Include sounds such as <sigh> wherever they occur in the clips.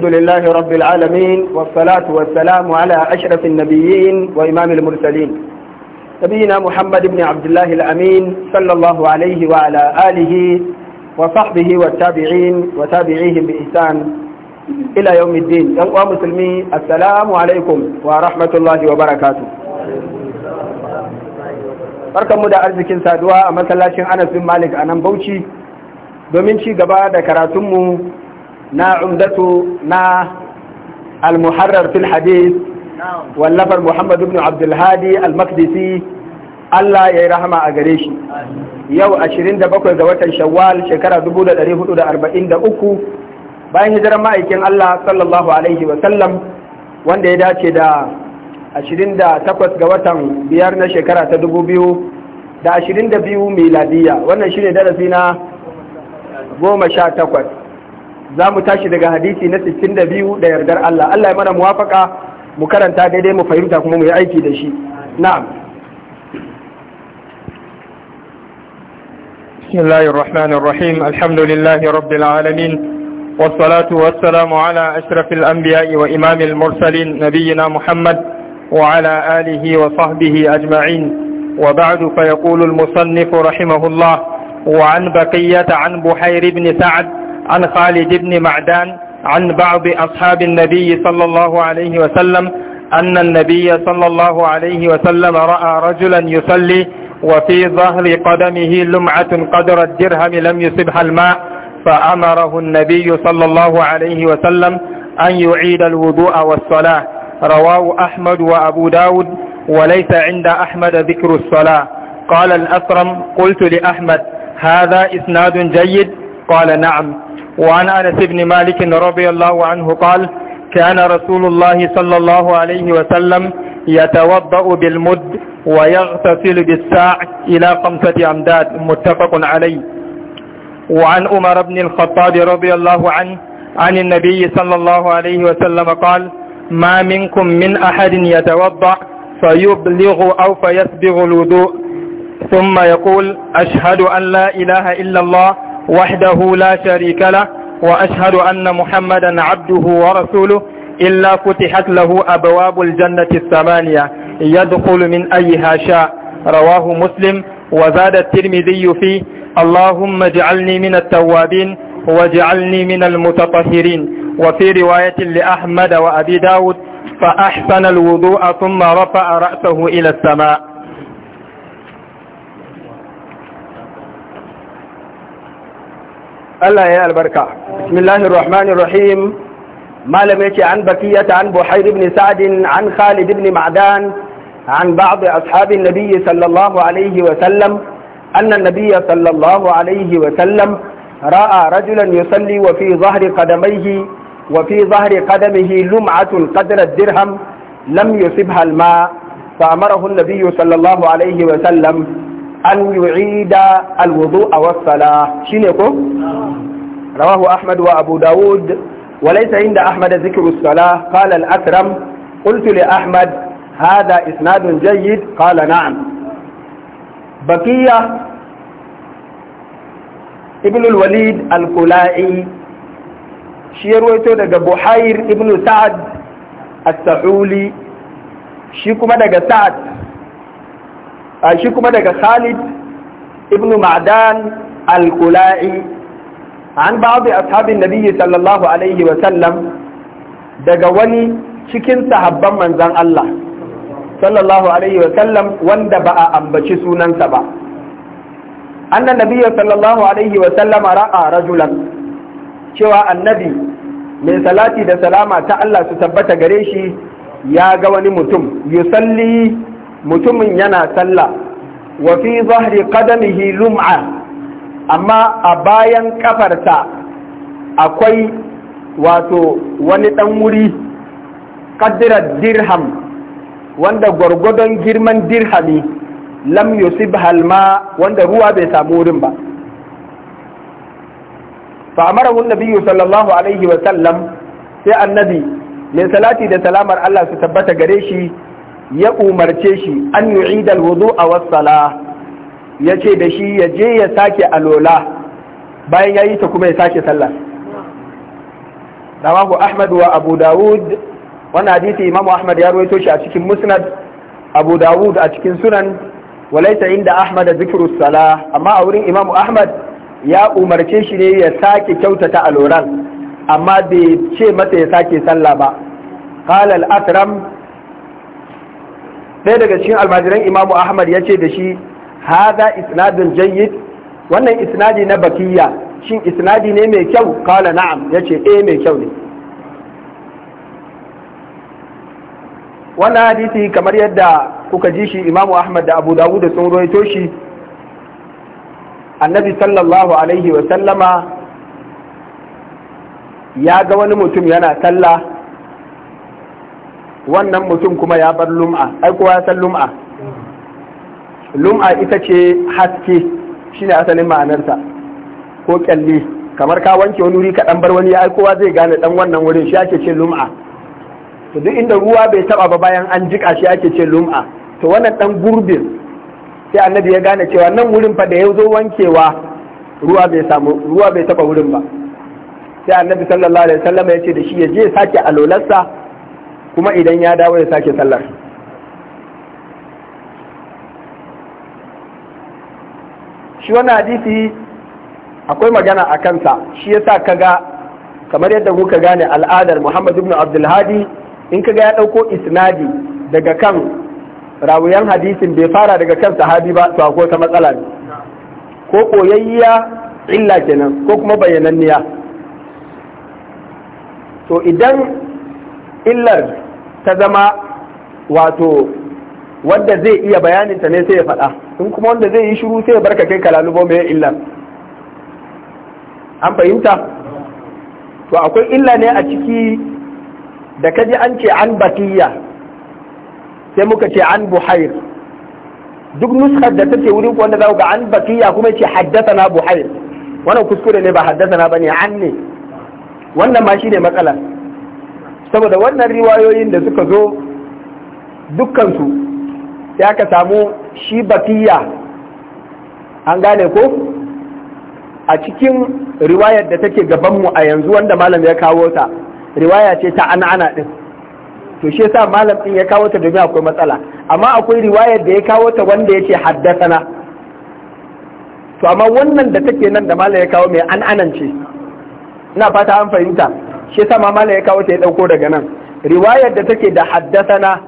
الحمد لله رب العالمين والصلاة والسلام على أشرف النبيين وإمام المرسلين نبينا محمد بن عبد الله الأمين صلى الله عليه وعلى آله وصحبه والتابعين وتابعيهم بإحسان إلى يوم الدين يا مسلمي السلام عليكم ورحمة الله وبركاته barkanmu da arzikin saduwa a masallacin Anas bin Malik a nan Bauchi domin ci gaba da karatunmu Na عمدة na almuharrar في الحديث والنفر محمد بن عبد الهادي المقدسي Allah ya yi rahama a gare shi yau 27 ga watan shawwal shekara 1443 bayan hijirar ma'aikin Allah sallallahu alaihi sallam. wanda ya dace da 28 ga watan biyar na shekara ta 2000 da 22 miladiya wannan shine darasi na 18 za mu tashi daga hadisi na 62 da biyu da yardar Allah Allah ya mana muwafaka mu karanta daidai mu fahimta kuma mu yi aiki da shi na'am Bismillahirrahmanirrahim alhamdulillahi rabbil alamin wassalatu wassalamu ala ashrafil anbiya'i wa imamil mursalin nabiyyina Muhammad wa alihi wa sahbihi ajma'in وبعد فيقول المصنف رحمه wa وعن بقية عن بحير bni سعد عن خالد بن معدان عن بعض أصحاب النبي صلى الله عليه وسلم أن النبي صلى الله عليه وسلم رأى رجلا يصلي وفي ظهر قدمه لمعة قدر الدرهم لم يصبها الماء فأمره النبي صلى الله عليه وسلم أن يعيد الوضوء والصلاة رواه أحمد وأبو داود وليس عند أحمد ذكر الصلاة قال الأسرم قلت لأحمد هذا إسناد جيد قال نعم وعن أنس بن مالك رضي الله عنه قال كان رسول الله صلى الله عليه وسلم يتوضأ بالمد ويغتسل بالساع إلى خمسة أمداد متفق عليه وعن عمر بن الخطاب رضي الله عنه عن النبي صلى الله عليه وسلم قال ما منكم من أحد يتوضأ فيبلغ أو فيسبغ الوضوء ثم يقول أشهد أن لا إله إلا الله وحده لا شريك له وأشهد أن محمدا عبده ورسوله إلا فتحت له أبواب الجنة الثمانية يدخل من أيها شاء رواه مسلم وزاد الترمذي فيه اللهم اجعلني من التوابين واجعلني من المتطهرين وفي رواية لأحمد وأبي داود فأحسن الوضوء ثم رفع رأسه إلى السماء الله يا البركة بسم الله الرحمن الرحيم ما لم يشي عن بكية عن بحير بن سعد عن خالد بن معدان عن بعض أصحاب النبي صلى الله عليه وسلم أن النبي صلى الله عليه وسلم رأى رجلا يصلي وفي ظهر قدميه وفي ظهر قدمه لمعة قدر الدرهم لم يصبها الماء فأمره النبي صلى الله عليه وسلم an yu'ida alwudu a sala shi ne ko? rawahu ahmad wa abu dawud walaisa inda ahmad zikiru sala qala al-akram qultu li ahmad hada isnadun jayyid qala na'am baqiya ibn al-walid al-kula'i shi ya daga buhair ibn sa'ad as-sahuli shi kuma daga sa'ad shi kuma daga Khalid ibn Ma'dan al kulai an ba bi ashabin nabiyyi sallallahu alaihi wa sallam daga wani cikin sahabban manzon Allah sallallahu alaihi wa sallam wanda ba a ambaci sunansa ba annan nabiyyi sallallahu alaihi wa sallam ra'a rajulan cewa annabi mai salati da salama ta Allah su tabbata gare shi ya ga wani mutum yusalli mutumin yana sallah wa fi zahri qadamihi lum'a amma a bayan kafarsa akwai wato wani dan wuri qaddirar dirham wanda gwargwadon girman dirhami lam yusib halma wanda ruwa bai samu wurin ba fa amarahu nabiyyu sallallahu alaihi wa sallam sai annabi mai salati da salamar Allah su tabbata gare shi ya umarce shi an wudu wudu a wassala ya ce da shi ya je ya sake alola bayan yayi ta kuma ya sake sallah rawahu Ahmad wa Abu Dawud wani hadisi Imam Ahmad ya ruwaito shi a cikin Musnad Abu Dawud a cikin Sunan walaita inda Ahmad zikru sala amma a wurin Imam Ahmad ya umarce shi ne ya sake kyautata aloran amma bai ce masa ya sake sallah ba qala al-Akram sai daga cikin almajiran imamu ahmad ya ce da shi haza isnadun jayyid wannan isnadi na bakiyya shin isnadi ne mai kyau kala na'am ya ce eh mai kyau ne wannan hadisi kamar yadda kuka ji shi imamu ahmad da abu dawud da sun rawaito shi annabi sallallahu alaihi wa sallama ya ga wani mutum yana sallah wannan mutum kuma ya bar lum'a ai kowa ya san lum'a lum'a ita ce haske shine asalin ma'anarsa ko kyalle kamar ka wanke wani wuri kaɗan bar wani ai kowa zai gane ɗan wannan wurin shi ake ce lum'a to duk inda ruwa bai taba ba bayan an jika shi ake ce lum'a to wannan ɗan gurbin sai annabi ya gane cewa nan wurin fa da ya zo wankewa ruwa bai samu ruwa bai taba wurin ba sai annabi sallallahu alaihi wasallam ya ce da shi ya je sake alolarsa kuma idan ya dawo ya sake sallar shi wani hadisi akwai magana a kansa shi ya yasa kaga kamar yadda kuka gane al'adar Muhammad ibn Abdulhadi in kaga ya ɗauko isnadi daga kan rawuyan hadisin bai fara daga kan sahabi ba to akwai ta matsala ne ko koyayya illa kenan ko kuma bayananniya, to idan illar ta zama wato wanda zai iya bayaninta ne sai ya faɗa in kuma wanda zai yi shiru sai ya barka kai kalalubo mai illar an fahimta to akwai illa ne a ciki da kaji an ce an batiya sai muka ce an buhair duk nuskar da ta ce wurin wanda za ga an batiya kuma ce haddasa na buhair wannan kuskure ne ba haddasa na ba ne an ne wannan ma shi ne matsalar saboda wannan riwayoyin da suka zo dukkansu ya ka samu shi bakiya an gane ko a cikin riwayar da take gabanmu a yanzu wanda malam ya kawo ta riwaya ce ta ana-ana din to shi yasa malam din ya kawo ta domin akwai matsala amma akwai riwayar da ya kawo ta wanda ya haddasa haddasana to amma wannan da take nan da malam ya kawo mai an'anan ce ina fata an fahimta shi sama mamala ya kawo ta ya ɗauko daga nan riwayar da take da haddasana,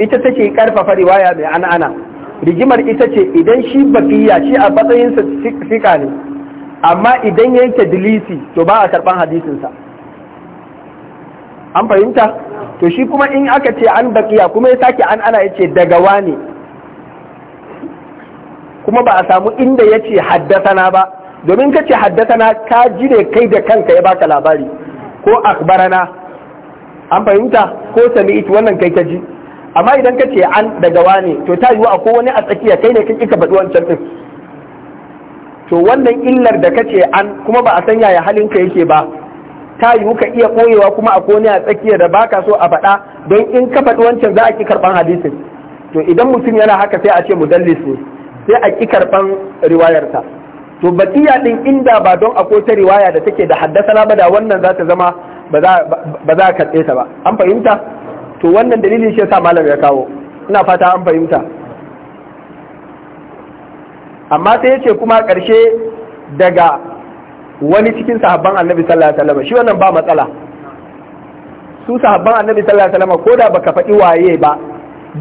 ita take ƙarfafa riwaya mai an'ana rigimar ita ce idan shi bakiya shi a matsayinsa fika ne amma idan ya yi dilisi to ba a karɓar hadisinsa an fahimta to shi kuma in aka ce an bakiya kuma ya sake an ana ya ce daga ne. kuma ba a samu inda ya ce haddasana ba domin ka ce haddasana ka ji ne kai da kanka ya baka labari ko akbarana an fahimta ko sami'it wannan kai ka ji amma idan ka ce an daga wane to ta yiwu ko wani a tsakiya kai ne kake ka faɗi wancan to wannan illar da ka ce an kuma ba a san yaya halin ka yake ba ta yiwu ka iya koyewa kuma a wani a tsakiya da baka so a faɗa don in ka faɗi wancan za a ki karɓan hadisin to idan mutum yana haka sai a ce mudallis ne sai a ki karɓan riwayarsa to bakiya din inda ba don akwai ta riwaya da take da haddasa ba da wannan za ta zama ba za a karɓe ta ba an fahimta to wannan dalilin shi sa malam ya kawo ina fata an fahimta amma sai ya ce kuma ƙarshe daga wani cikin sahabban annabi sallallahu alaihi wasallam shi wannan ba matsala su sahabban annabi sallallahu alaihi wasallam ko da baka faɗi waye ba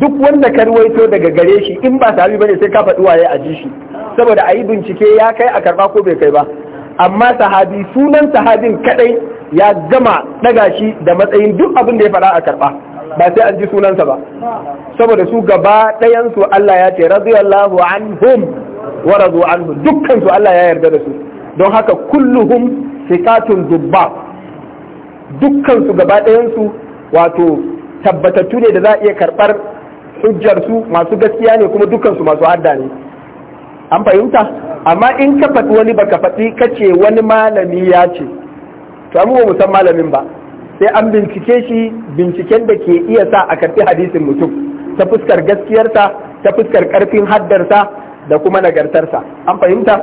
duk wanda ka ruwaito daga gare shi in ba sahabi bane sai ka faɗi waye a ji shi saboda a yi bincike ya kai a karɓa ko bai kai ba amma sahabi sunan sahabin kadai ya gama daga shi da matsayin duk abin da ya faɗa a karɓa ba sai an ji sunansa ba saboda su gaba ɗayansu Allah ya ce radiyallahu anhum wa radu anhu dukkan su Allah ya yarda da su don haka kulluhum sikatun dubba dukkan su gaba ɗayansu wato tabbatattu ne da za a iya karɓar hujjar su masu gaskiya ne kuma dukkan su masu hadda ne an fahimta amma in ka faɗi wani baka faɗi kace wani malami ya ce to mu mu san malamin ba sai an bincike shi binciken da ke iya sa a karɓi hadisin mutum ta fuskar gaskiyarsa ta fuskar ƙarfin haddarsa da kuma nagartarsa an fahimta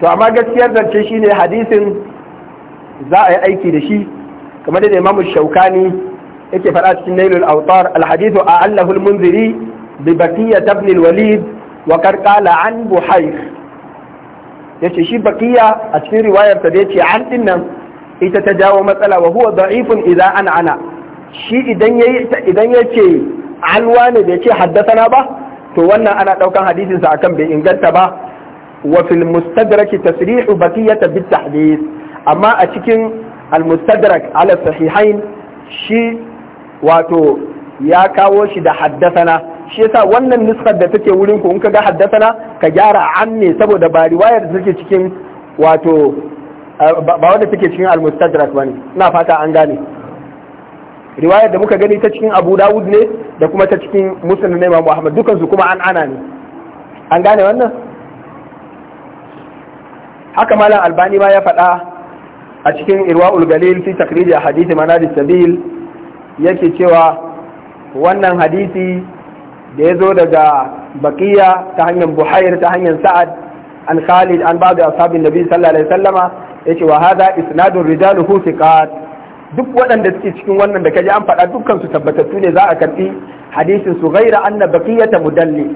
to amma gaskiyar zance shine hadisin za a yi aiki da shi kamar da imamu shaukani yake faɗa cikin nailul autar alhadithu a allahul munziri ببقية بن الوليد وقد قال عن بحير yace shi baqiya a cikin riwayar ta da yace an din nan ita ta jawo matsala wa huwa da'ifun ana shi idan yace an wani da yace haddathana ba to wannan ana daukan hadisin sa akan bai inganta ba wa fil mustadrak tasrihu baqiyata bit tahdith amma a cikin al mustadrak ala sahihain shi wato ya kawo shi da haddathana shi yasa wannan nuskar da take wurin ku in ka ga haddasana ka gyara an ne saboda ba riwayar da take cikin wato ba wanda take cikin al-mustadrak bane ina fata an gane riwayar da muka gani ta cikin Abu Dawud ne da kuma ta cikin Muslim na Imam Ahmad dukan su kuma an ana ne an gane wannan haka malam Albani ma ya faɗa a cikin Irwaul Galil fi takriri hadisi manadi sabil yake cewa wannan hadisi da ya zo daga baqiya ta hanyar buhayir ta hanyar sa'ad an khalid an ba'd ashabin nabi sallallahu alaihi wasallama ce wa hada isnadun rijaluhu thiqat duk waɗanda suke cikin wannan da kaji an faɗa dukkan su tabbatattu ne za a karɓi hadisin su ghaira anna baqiyata mudalli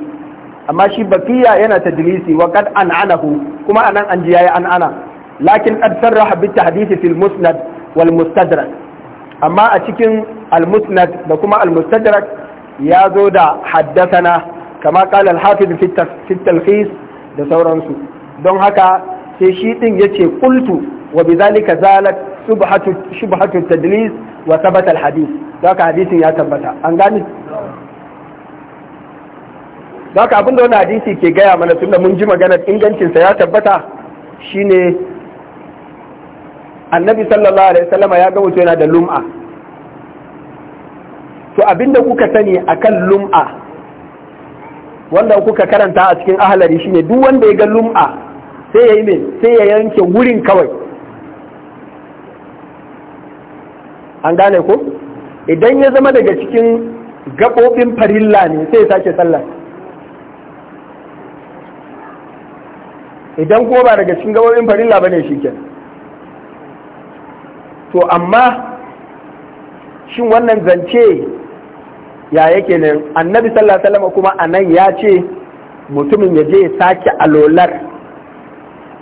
amma shi baqiya yana tadlisi wa qad an'anahu kuma anan an ji an an'ana lakin qad sarraha bit tahdith fil musnad wal mustadrak amma a cikin al musnad da kuma al mustadrak ya zo da haddasana kama kala al da fi talqis da sauransu don haka sai shi din yace qultu wa bidhalika zalat subhatu shubhatu tadlis wa thabata al-hadith haka hadisin ya tabbata an gani haka abinda wani hadisi ke gaya mana tunda mun ji maganar ingancinsa ya tabbata shine annabi sallallahu alaihi wasallama ya ga mutum yana da lum'a to abinda kuka sani a kan lum'a wanda kuka karanta a cikin ahalari shine duk wanda ya ga lum'a sai ya yi sai ya yanke wurin kawai an gane ko idan ya zama daga cikin gaɓoɓin farilla ne sai ya sake sallah idan ko ba daga cikin gaɓoɓin farilla ba ne shi to amma shin wannan zance ya yake nan annabi sallallahu alaihi wasallam kuma anan ya ce mutumin ya je ya sake alolar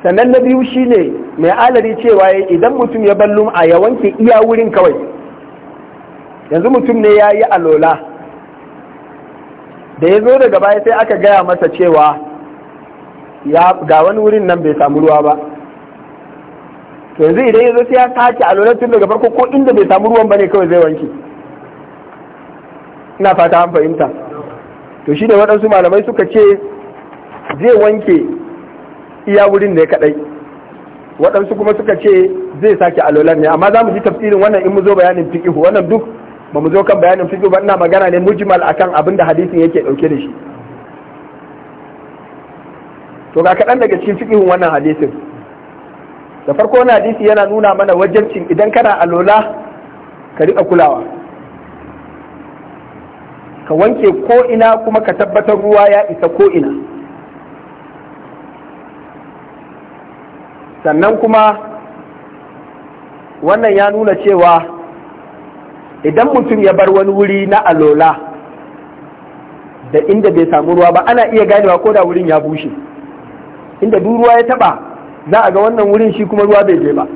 sannan na biyu shine mai alari cewa idan mutum ya ballum a ya wanke iya wurin kawai yanzu mutum ne ya yi alola da ya zo daga baya sai aka gaya masa cewa ga wani wurin nan bai samu ruwa ba to yanzu idan ya zo sai ya sake alolar tun daga farko ko inda bai samu ruwan ba ne kawai zai wanke ina fata an fahimta to shi da waɗansu malamai suka ce zai wanke iya wurin ne kaɗai waɗansu kuma suka ce zai sake alolan ne amma za mu ji tafsirin wannan in mu zo bayanin fiƙihu wannan duk ba mu zo kan bayanin fiƙihu ba ina magana ne mujmal akan abin da hadisin yake ɗauke da shi to ga kaɗan daga cikin fiƙihun wannan hadisin da farko wani hadisi yana nuna mana cin idan kana alola ka riƙa kulawa ka wanke ko ina kuma ka tabbatar ruwa ya isa ko ina sannan kuma wannan ya nuna cewa idan mutum ya bar wani wuri na alola da inda bai samu ruwa ba ana iya ganewa ko da wurin ya bushe inda duk ruwa ya taba za a ga wannan wurin shi kuma ruwa bai je ba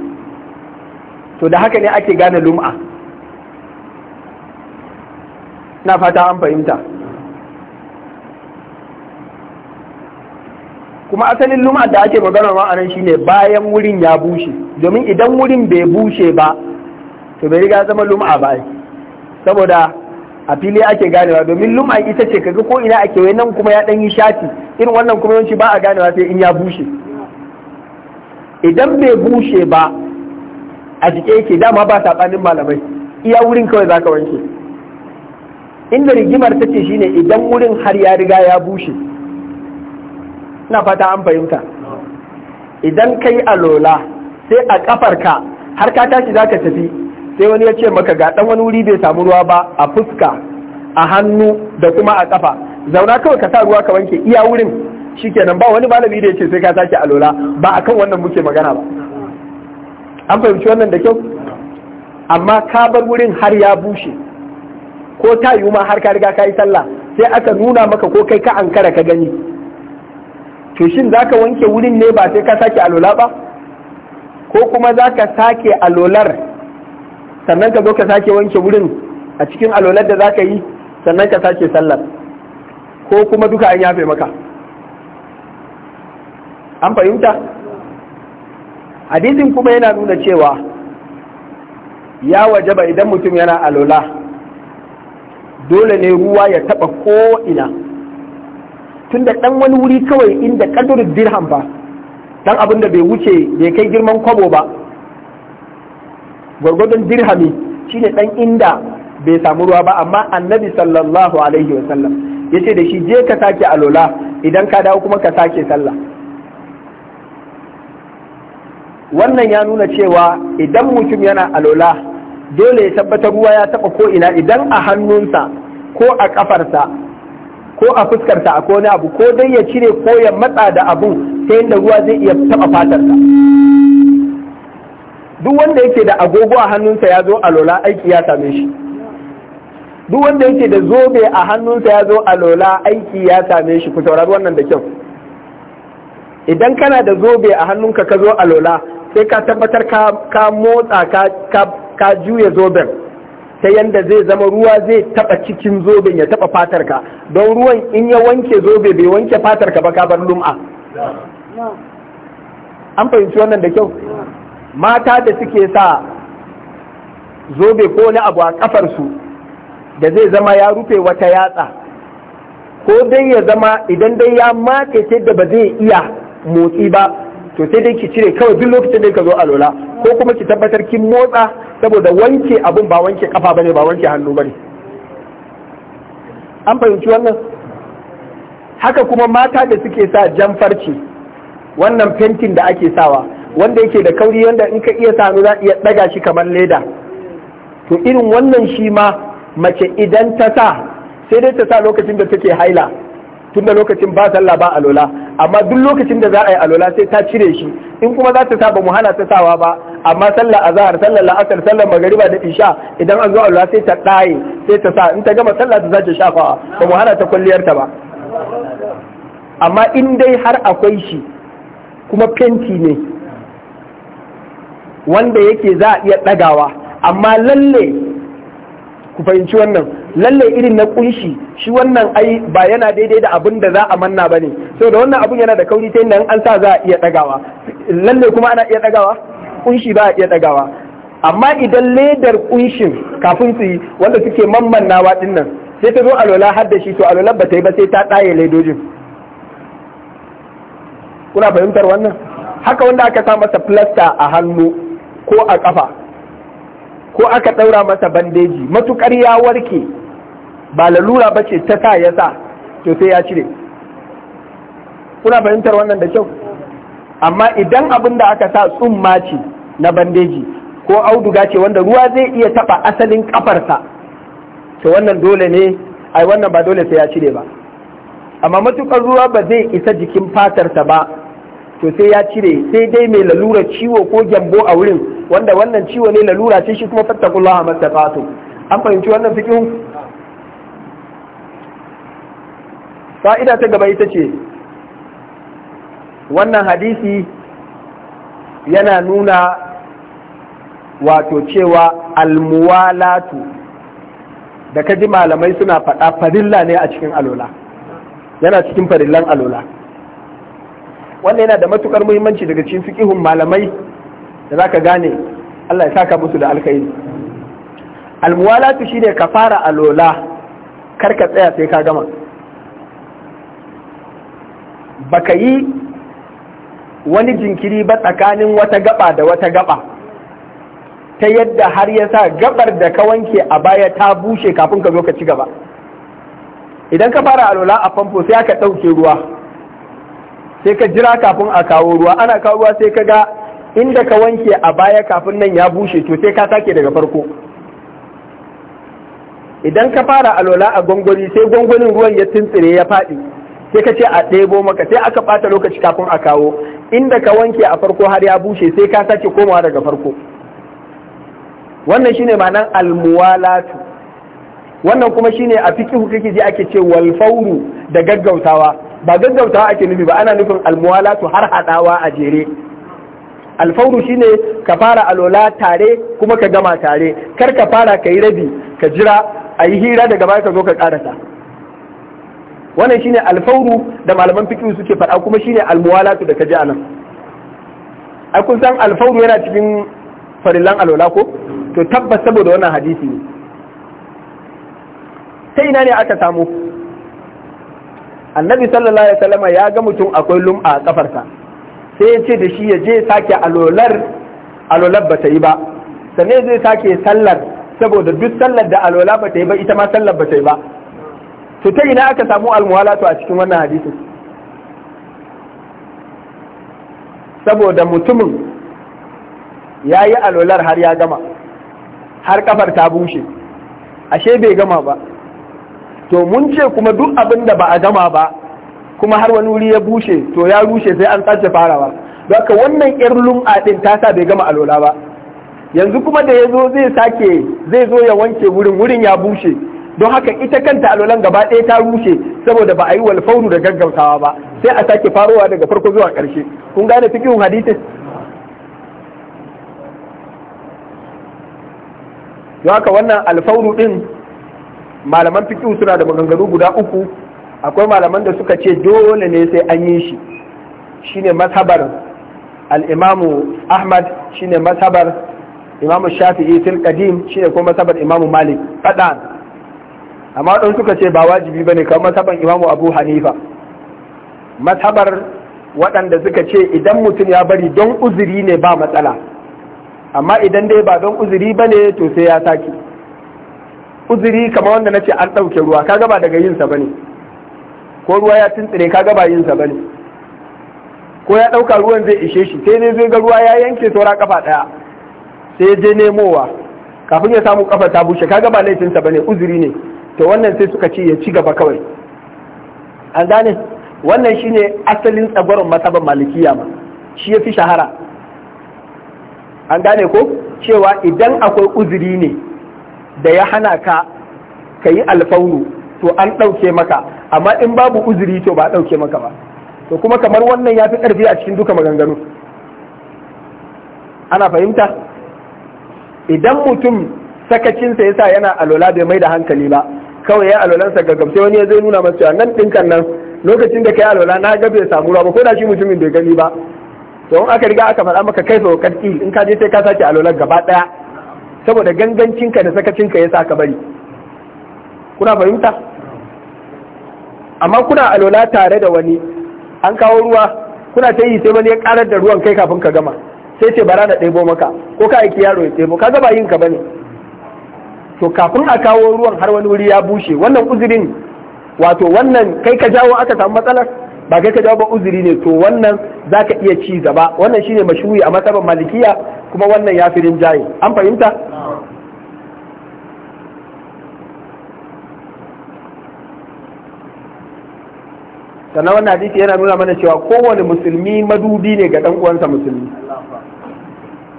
to da haka ne ake gane lum'a na fata an fahimta kuma asalin luma da ake magana ma anan shine bayan wurin ya bushe domin idan wurin bai bushe ba to bai riga zama luma ba saboda a fili ake ganewa domin luma ita ce kaga ko ina ake wai nan kuma ya dan yi shati irin wannan kuma yawanci ba a ganewa sai in ya bushe idan bai bushe ba a jike yake dama ba saɓanin malamai iya wurin kawai zaka wanke inda rigimar take shine idan wurin har ya riga ya bushe ina fata an fahimta idan kai alola sai a ka har ka tashi za ka tafi sai wani ya ce maka ga dan wani wuri bai samu ruwa ba a fuska a hannu da kuma a kafa zauna kawai ka sa ruwa ka wanke iya wurin shikenan ba wani malami da ya ce sai ka tashi alola ba kan wannan muke magana ba an fahimci wannan da kyau amma ka bar wurin har ya bushe ko ta yiwu ma har ka riga ka yi sallah sai aka nuna maka ko kai ka ankara ka gani to shin zaka wanke wurin ne ba sai ka sake alola ba ko kuma zaka sake alolar sannan ka zo ka sake wanke wurin a cikin alolar da zaka yi sannan ka sake sallar ko kuma duka an yafe maka an fahimta hadisin kuma yana nuna cewa ya wajaba idan mutum yana alola dole ne ruwa ya taba ko'ina. ina tun da ɗan wani wuri kawai inda ƙadurin dirham ba ɗan abin da bai wuce bai kai girman kwabo ba gwargwadon dirhami shi ne ɗan inda bai samu ruwa ba amma annabi sallallahu alaihi wasallam ya ce da shi je ka sake alola idan ka dawo kuma ka sake sallah wannan ya nuna cewa idan mutum yana alola dole ya tabbatar ruwa ya taba ko ina idan a hannunsa ko a kafarsa ko a fuskarsa a kone abu ko dai ya cire ko ya matsa da abun ta yadda ruwa zai iya taba fatarsa duk wanda yake da agogo a hannunsa ya zo a lola aiki ya same shi duk wanda yake da zobe a hannunsa ya zo a lola aiki ya same shi ku saurari wannan da kyau idan kana da zobe a hannunka ka zo a lola, sai ka tabbatar ka motsa ka ka juya zoben ta yanda zai zama ruwa zai taba cikin zoben ya taba fatarka don ruwan in ya wanke zobe bai wanke fatarka ba ka bar lum'a an fahimci wannan da kyau mata da suke sa zobe ko na abu a kafarsu da zai zama ya rufe wata yatsa ko dai ya zama idan dai ya mace ce da ba zai iya motsi ba to sai dai ki cire kawai duk lokacin da ka zo alola ko kuma ki tabbatar kin motsa saboda wanke abun ba wanke kafa bane ba wanke hannu bane an fahimci wannan haka kuma mata da suke sa jan farce wannan fentin da ake sawa wanda yake da kauri wanda in ka iya sanu za iya daga shi kamar leda to irin wannan shi ma mace idan ta sa sai dai ta sa lokacin da take haila tun da lokacin ba sallah ba alola amma duk lokacin da za a yi alola sai ta cire shi in kuma za ta sa ba mu hana ta sawa ba amma sallah azhar sallah la'asar sallah magariba da isha idan an zo alola sai ta ɗaye sai ta sa in ta gama sallah ta sake shafawa ba mu hana ta kwalliyar ta ba amma in dai har akwai shi kuma fenti ne wanda yake za a iya ɗagawa amma lalle ku fahimci wannan lalle irin na kunshi shi wannan ai ba yana daidai da abin da za a manna ba ne da wannan abun yana da kauri ta yadda an sa za a iya ɗagawa lalle kuma ana iya ɗagawa kunshi ba a iya ɗagawa amma idan ledar kunshin kafin su yi wanda suke mammannawa din nan sai ta zo alola har da shi to alola ba ta yi ba sai ta ɗaye ledojin kuna fahimtar wannan haka wanda aka sa masa plasta a hannu ko a ƙafa ko aka ɗaura masa bandeji matuƙar ya warke ba lalura ba ce ta sa ya sa to sai ya cire kuna fahimtar wannan da kyau amma idan abin da aka sa tsumma ce na bandeji ko auduga ce wanda ruwa zai iya taba asalin kafarsa to wannan dole ne ai wannan ba dole sai ya cire ba amma matukar ruwa ba zai isa jikin fatarsa ba to sai ya cire sai dai mai lalura ciwo ko gyambo a wurin wanda wannan ciwo ne lalura ce shi kuma fattakullaha mastafatu an fahimci wannan fikin fa'ida ta gaba ita ce wannan hadisi yana nuna wato cewa almuwalatu da ka ji malamai suna faɗa farilla ne a cikin alola yana cikin farillan alola wannan yana da matukar muhimmanci daga cikin fikihun malamai da za ka gane Allah ya ka musu da alkhairi almuwalatu ne ka fara alola kar ka tsaya sai ka gama baka yi wani jinkiri ba tsakanin wata gaba da wata gaba ta yadda har ya sa gabar da ka wanke a baya ta bushe kafin ka zo ka ci gaba idan ka fara alola a famfo sai aka ɗauke ruwa sai ka jira kafin a kawo ruwa ana kawo ruwa sai ka ga inda ka wanke a baya kafin nan ya bushe to sai ka sake daga farko idan ka fara alola a gwangwani sai gwangwanin ruwan ya tuntsire ya faɗi sai ka ce a ɗebo maka sai aka ɓata lokaci kafin a kawo inda ka wanke a farko har ya bushe sai ka sake komawa daga farko wannan shine ma'anar almuwalatu wannan kuma shine a fiqhu kake ji ake ce walfauru da gaggautawa ba gaggautawa ake nufi ba ana nufin almuwalatu har haɗawa a jere alfauru shine ka fara alola tare kuma ka gama tare kar ka fara ka yi rabi ka jira a yi hira daga baya ka zo ka karasa wannan shine alfauru da malaman fiqh suke faɗa kuma shine almuwalatu da kaji anan ai kun san alfauru yana cikin farillan alwala ko to tabbas saboda wannan hadisi ne ta ina ne aka samu annabi sallallahu alaihi wasallam ya ga mutum akwai lum'a a kafarsa sai ya ce da shi ya je sake alolar alolar ba ta yi ba sannan zai sake sallar saboda duk sallar da alola ba ta yi ba ita ma sallar ba ta yi ba to ta ina aka samu almuwalatu a cikin wannan hadisin saboda mutumin ya yi alwalar har ya gama har kafar ta bushe ashe bai gama ba to mun ce kuma duk abin da ba a gama ba kuma har wani wuri ya bushe to ya rushe sai an sace farawa haka wannan yar lum'a ta sa bai gama alola ba yanzu kuma da ya zo zai sake zai zo ya wanke wurin wurin ya bushe don haka ita kanta alolan gaba ɗaya ta rushe saboda ba a yi walfauru da gaggautawa ba sai a sake farowa daga farko zuwa ƙarshe kun gane fikihun hadisin don haka wannan alfauru ɗin malaman fikihu suna da maganganu guda uku akwai malaman da suka ce dole ne sai an yi shi shine mazhabar al'imamu ahmad shine mazhabar imamu shafi'i fil qadim shine kuma mazhabar imamu malik fadan amma don suka ce ba wajibi bane kamar mazhaban imamu abu hanifa masabar waɗanda suka ce idan mutum ya bari don uzuri ne ba matsala amma idan dai ba don uzuri ba ne to sai ya sake uzuri kamar wanda na ce an ɗauke ruwa ka gaba daga yinsa ba ne ko ruwa ya tuntsire ka gaba yinsa ba ne ko ya ɗauka ruwan zai ishe shi sai ne zai ga ruwa ya yanke saura kafa ɗaya sai je nemowa kafin ya samu kafa ta bushe ka gaba laifinsa ba ne uzuri ne to wannan sai suka ce ya ci gaba kawai an gane wannan shine asalin tsagwaron masaban malikiya ma shi ya fi shahara an gane ko cewa idan akwai uzuri ne da ya hana ka ka yi alfaunu to an ɗauke maka amma in babu uzuri to ba a ɗauke maka ba to kuma kamar wannan ya fi ƙarfi a cikin duka maganganu ana fahimta idan mutum sakacinsa yasa yana alola bai mai da hankali ba kawai ya alwalansa ga sai wani ya zai nuna masa cewa nan dinkan nan lokacin da ka yi alwala na ga bai samu ruwa ba ko da shi mutumin bai gani ba to in aka riga aka faɗa maka kai sau ki in ka je sai ka sake alwalar gaba daya saboda gangancinka da sakacinka ya sa ka bari kuna fahimta amma kuna alwala tare da wani an kawo ruwa kuna ta yi sai wani ya karar da ruwan kai kafin ka gama sai ce bara na ɗebo maka ko ka aiki yaro ya ɗebo ka gaba yin ka bane to kafin a kawo ruwan har wani wuri ya bushe wannan uzurin wato wannan kai ka jawo aka samu matsalar ba kai ka jawo ba uzuri ne to wannan za ka iya ci gaba wannan shine mashhuri a matsabar malikiya kuma wannan ya fi rinjaye an fahimta sannan wannan hadisi yana nuna mana cewa kowane musulmi madubi ne ga dan uwansa musulmi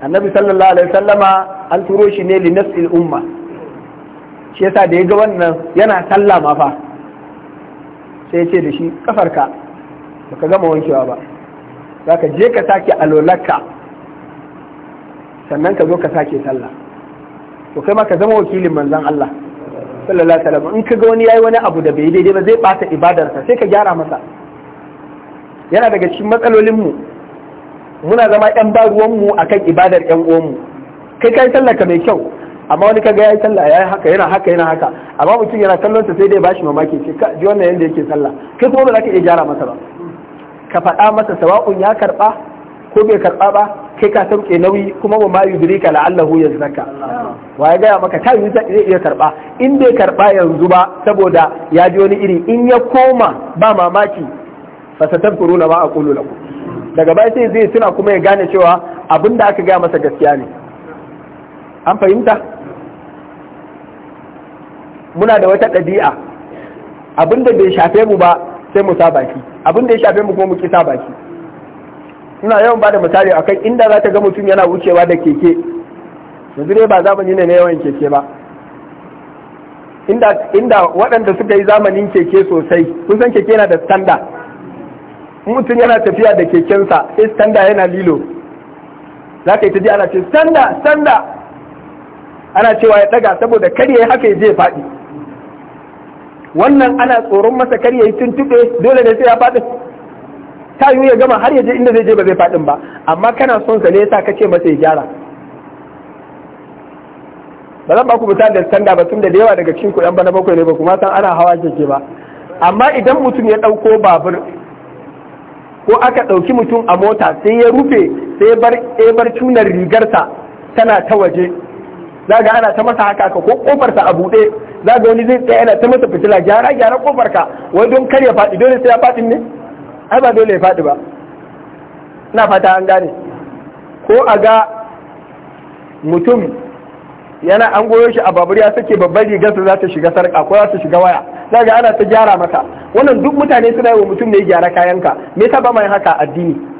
annabi sallallahu alaihi wasallama an turo shi ne Linas nafsil umma shi yasa da ya ga wannan yana sallah ma fa sai ce da shi kafarka baka gama wankewa ba za ka je ka sake alolarka sannan ka zo ka sake sallah to kai ma ka zama wakilin manzon Allah sallallahu alaihi wasallam in ka ga wani yayi wani abu da bai daidai ba zai bata ibadarsa sai ka gyara masa yana daga cikin matsalolinmu muna zama 'yan baruwan mu akan ibadar 'yan mu kai kai sallaka mai kyau amma wani kaga yi sallah ya yi haka yana haka yana haka amma mutum yana kallon sa sai dai bashi mamaki ce ji wannan yanda yake sallah kai kuma ba za ka iya gyara masa ba ka faɗa masa sawa'un ya karɓa ko bai karɓa ba kai ka sauke nauyi kuma ba ma ka la'allahu zaka wa ya gaya maka kai zai iya karɓa in bai karɓa yanzu ba saboda ya ji wani iri in ya koma ba mamaki fa ba ma aqulu lakum daga baya sai zai tuna kuma ya gane cewa abin da aka gaya masa gaskiya ne an fahimta muna da wata ɗabi'a abin da bai shafe mu ba sai mu saba shi abin da ya shafe mu kuma mu ki saba shi ina yawan bada misali akan inda za ta ga mutum yana wucewa da keke yanzu dai ba zamani ne na yawan keke ba inda inda waɗanda suka yi zamanin keke sosai kusan keke yana da standa mutum yana tafiya da kekensa sai standa yana lilo za ka yi ta ji ana ce standa standa ana cewa ya ɗaga saboda kar ya yi haka ya je faɗi wannan ana tsoron masa kar yayi tuntuɓe dole ne sai ya faɗi ta yi ya gama har ya je inda zai je ba zai faɗin ba amma kana son sa ne yasa kace masa ya gyara ba zan ba ku misali da standa ba tun da yawa daga cikin kuɗin bana bakwai ne ba kuma san ana hawa keke ba amma idan mutum ya ɗauko babur ko aka ɗauki mutum a mota sai ya rufe sai ya bar cunar rigarsa tana ta waje za ga ana ta masa haka ka ko kofar a buɗe za ga wani zai tsaya yana ta masa fitila gyara gyara kofar ka wai don kar ya faɗi dole sai ya faɗi ne ai ba dole ya faɗi ba ina fata an gane ko a ga mutum yana an goyo shi a babur ya sake babbar rigarsa za ta shiga sarƙa ko za ta shiga waya za ga ana ta gyara maka wannan duk mutane suna yi wa mutum ne gyara kayanka me ta ba mai haka addini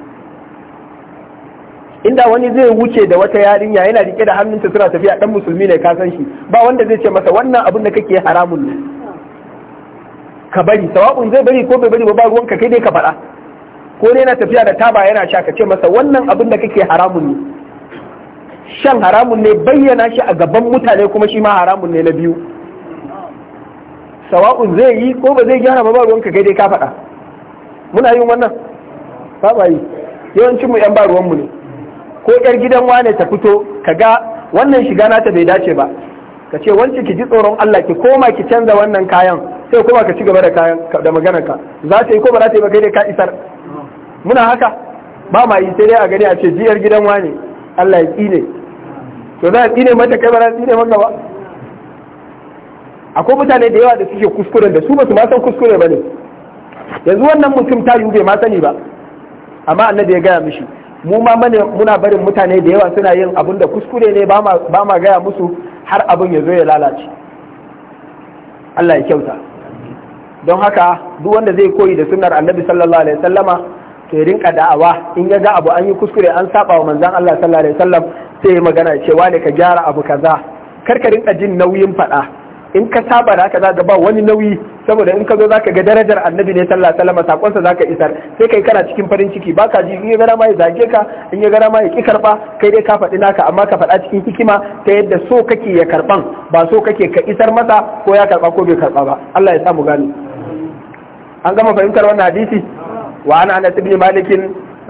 inda wani zai wuce da wata yarinya yana rike da hannunta suna tafiya dan musulmi ne ka san shi ba wanda zai ce masa wannan abin da kake haramun ne ka bari sawa'un zai bari ko bai bari ba ruwan ka kai dai ka faɗa ko ne yana tafiya da taba yana sha ka ce masa wannan abin da kake haramun ne shan haramun ne bayyana shi a gaban mutane kuma shi ma haramun ne na biyu sawa'un zai yi ko ba zai gyara ba ruwan ka kai dai ka faɗa muna yin wannan ba ba yi yawancin mu yan ba ruwan mu ne ko yar gidan wane ta fito ka ga wannan shiga nata bai dace ba ka ce wance ki ji tsoron Allah ki koma ki canza wannan kayan sai kuma ka ci gaba da kayan da maganar ka za ta yi ko ba za ta yi ba kai dai ka isar muna haka ba ma yi sai dai a gani a ce jiyar gidan wane Allah ya tsine to za a tsine mata kai ba za a tsine maka ba akwai mutane da yawa da suke kuskuren da su ba su ma san kuskure ba ne yanzu wannan mutum ta yi bai ma sani ba amma annabi ya gaya mishi mu ma muna barin mutane da yawa suna yin abin da kuskure ne ba ma gaya musu har abin ya zo ya lalace Allah ya kyauta don haka duk wanda zai koyi da sunnar annabi sallallahu alaihi wasallama to rinka da'awa in ya ga abu an yi kuskure an saba wa manzan Allah sallallahu alaihi wasallam sai ya magana cewa ne ka gyara abu kaza kar ka rinka jin nauyin faɗa in ka saba da haka zaka ba wani nauyi saboda in ka zo zaka ga darajar annabi ne sallallahu alaihi wasallam sakonsa zaka isar sai kai kana cikin farin ciki baka ji in ya gara ma ya zage ka in ya gara ma ya ki karba kai dai ka faɗi naka amma ka faɗa cikin hikima ta yadda so kake ya karban ba so kake ka isar masa ko ya karba ko bai karba ba Allah ya samu gani an gama fahimtar wannan hadisi wa ana anas ibn malik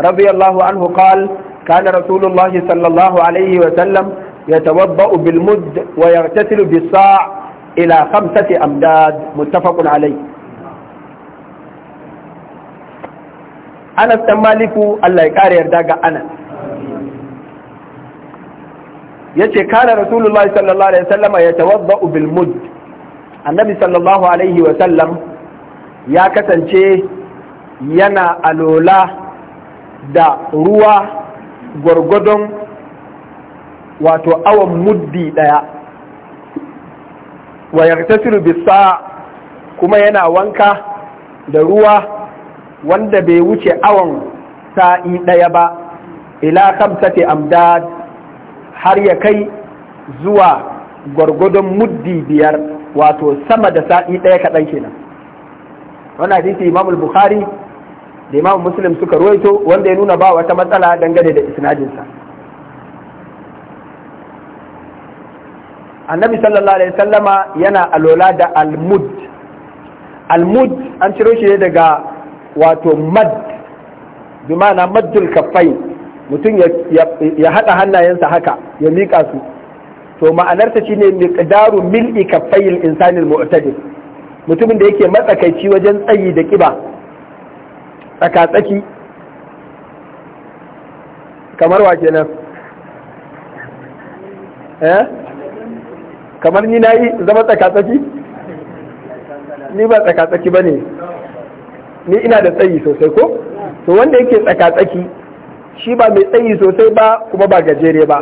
radiyallahu anhu qala kana rasulullahi sallallahu alaihi wa sallam يتوضأ بالمد ويغتسل بالصاع ila khamsati amdad muttafaqun alai Anas dan Maliku Allah ya kare yarda ga Anas ce kana rasulullahi sallallahu alaihi wasallam ya tawadda bil mud sallallahu alaihi wasallam ya kasance yana alola da ruwa gwargwadon wato awon muddi ɗaya. wa yaghtasilu bisa kuma yana wanka da ruwa wanda bai wuce awon sa'i ɗaya ba ila khamsati amdad har ya kai zuwa gwargwadon muddi biyar wato sama da sa'i ɗaya kaɗan kenan wannan hadisi al bukhari da imam muslim suka ruwaito wanda ya nuna ba wata matsala dangane da sa. annabi sallallahu alaihi sallama yana alola da almud almud an ciro shi ne daga wato mad bi ma'ana maddul kaffai mutum ya haɗa hannayensa haka ya miƙa su to ma'anarta shine miqdaru mil'i kaffayil insanil mu'tadil mutumin da yake matsakaici wajen tsayi da kiba tsaka-tsaki kamar wa kenan eh kamar ni na yi zama tsakatsaki ni ba tsakatsaki ba ne ni ina da tsayi sosai ko to wanda yake tsakatsaki shi ba mai tsayi sosai ba kuma ba gajere ba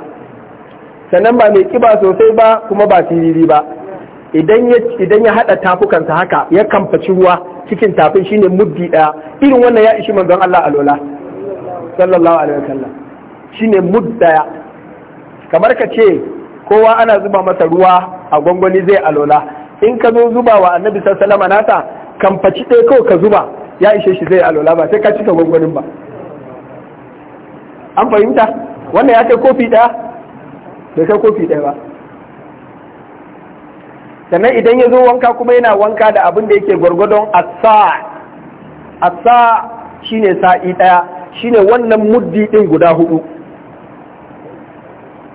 sannan ba mai kiba sosai ba kuma ba siriri ba idan ya hada tafukansa haka ya kamfaci ruwa cikin tafin shi ne muddi daya irin wannan ya ishi manzon Allah alola sallallahu alaihi wasallam shine mud ɗaya kamar ka ce kowa ana zuba masa ruwa a gwangwani zai alola in ka zo zuba wa annabi sallama nata kan faci ɗaya kawai ka zuba ya ishe shi zai alola ba sai ka cika gwangwanin ba an fahimta wannan ya kai kofi ɗaya bai kai kofi ɗaya ba sannan idan ya zo wanka kuma yana wanka da abin da yake gwargwadon asa asa shine sa'i ɗaya shine wannan muddi ɗin guda hudu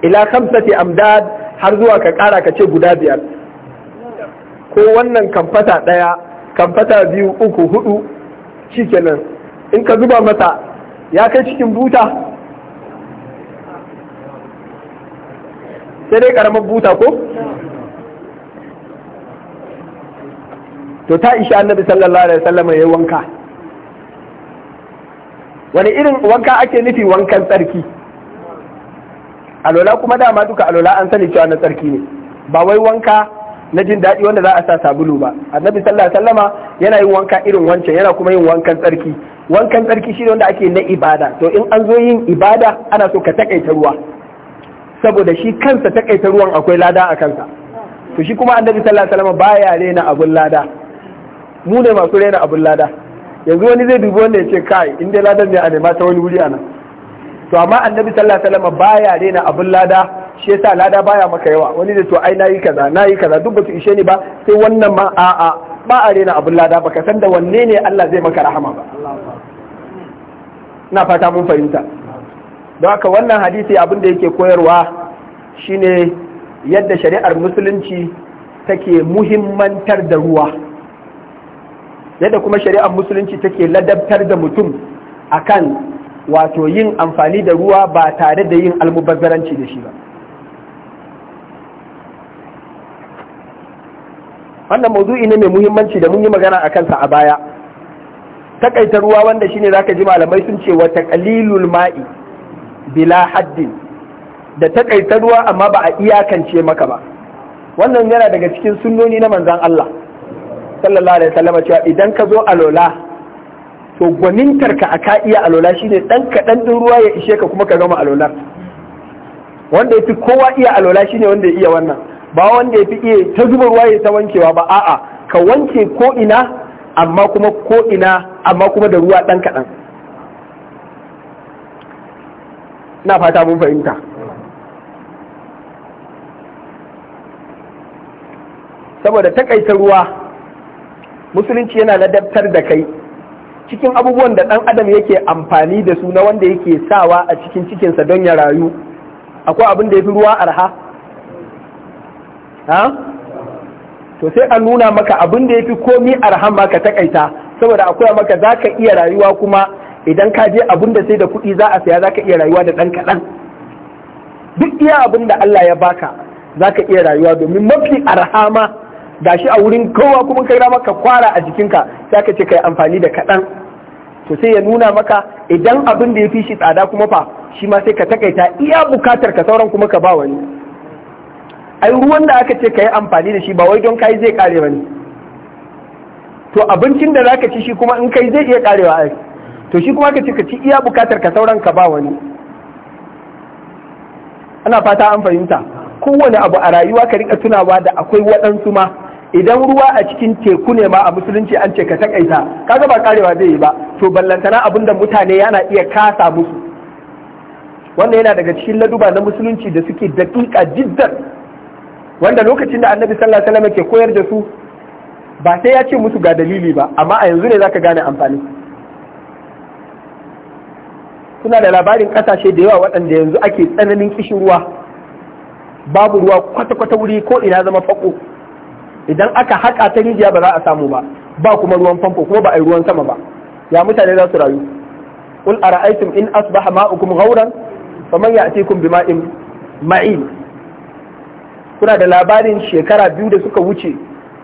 ila khamsati amdad har zuwa ka kara ka ce guda biyar ko wannan kamfata ɗaya kamfata biyu uku hudu shikenan in ka zuba mata ya kai cikin buta sai dai karamar buta ko to ta isha annabi sallallahu alaihi wasallam ya wanka wani irin wanka ake nufi wankan tsarki alola kuma dama duka alola an sani cewa na tsarki ne ba wai wanka na jin daɗi wanda za a sa sabulu ba annabi sallallahu alaihi wasallama yana yin wanka irin wancan yana kuma yin wankan tsarki wankan tsarki shine wanda ake na ibada to in an zo yin ibada ana so ka takaita ruwa saboda shi kansa takaita ruwan akwai lada a kansa to shi kuma annabi sallallahu alaihi wasallama baya rena abun lada mu ne masu rena abun lada yanzu wani zai dubi wanda ya ce kai in dai ladan ne a nema ta wani wuri anan to amma annabi sallallahu alaihi wasallam baya rena abin lada shi yasa lada baya maka yawa wani da to ai nayi kaza nayi kaza duk ba su ishe ni ba sai wannan ma a'a ba a rena abin lada baka san da wanne ne Allah zai maka rahama ba na fata mun fahimta don haka wannan hadisi abin da yake koyarwa shine yadda shari'ar musulunci take muhimmantar da ruwa yadda kuma shari'ar musulunci take ladabtar da mutum akan wato yin amfani da ruwa ba tare da yin almubazzaranci da shi ba wannan maudu'i ne mai muhimmanci da mun yi magana a kansa a baya takaita ruwa wanda shine ka ji malamai sun ce wata ƙalilul ma'i bila haddin da takaita ruwa amma ba a iyakance maka ba wannan yana daga cikin sunnoni na Manzan Allah sallallahu alaihi wasallam cewa idan ka zo a lola. to gwanintar ka aka iya alola shine dan kaɗan ɗin ruwa ya ishe ka kuma ka gama alola wanda ya fi kowa iya alola shine wanda ya iya wannan ba wanda ya fi iya ta zuba ruwa ya ta wankewa ba a'a ka wanke ko ina amma kuma ko ina amma kuma da ruwa ɗan kaɗan na fata mun fahimta saboda takaita ruwa musulunci yana ladabtar da kai cikin abubuwan da ɗan adam yake amfani da su na wanda yake sawa a cikin cikinsa don ya rayu akwai abin da ya fi ruwa arha ha to sai a nuna maka abin da ya fi komi arhan ma ka takaita saboda akwai maka za ka iya rayuwa kuma idan ka je abin da sai da kuɗi za a saya za ka iya rayuwa da ɗan kaɗan duk iya abin da Allah ya baka za ka iya rayuwa domin mafi arhama gashi a wurin kowa kuma kai rama ka kwara a jikinka sai ka ce ka yi amfani da kaɗan to sai ya nuna maka idan abin da ya fi shi tsada kuma fa shi ma sai ka takaita iya bukatar ka sauran kuma ka ba wani ai ruwan da aka ce ka yi amfani da shi ba wai don kai zai kare ne to abincin da zaka ci shi kuma in kai zai iya karewa ai to shi kuma ka ci ka ci iya bukatar ka sauran ka ba wani ana fata an fahimta kowane abu a rayuwa ka rika tunawa da akwai waɗansu ma idan ruwa a cikin teku ne ma a musulunci an ce ka takaita kaga ba karewa zai yi ba to ballantana abin da mutane yana iya kasa musu wannan yana daga cikin laduba na musulunci da suke daƙiƙa jiddar wanda lokacin da annabi sallallahu alaihi wasallam ke koyar da su ba sai ya ce musu ga dalili ba amma a yanzu ne zaka gane amfani kuna da labarin kasashe da yawa waɗanda yanzu ake tsananin kishin ruwa babu ruwa kwata-kwata wuri ko ina zama fako idan aka haƙa ta rijiya ba za a samu ba ba kuma ruwan famfo kuma ba a yi ruwan sama ba ya mutane za su rayu qul ara'aytum in asbaha ma'ukum ghawran faman ya'tikum bima'in ma'in kuna da labarin shekara biyu da suka wuce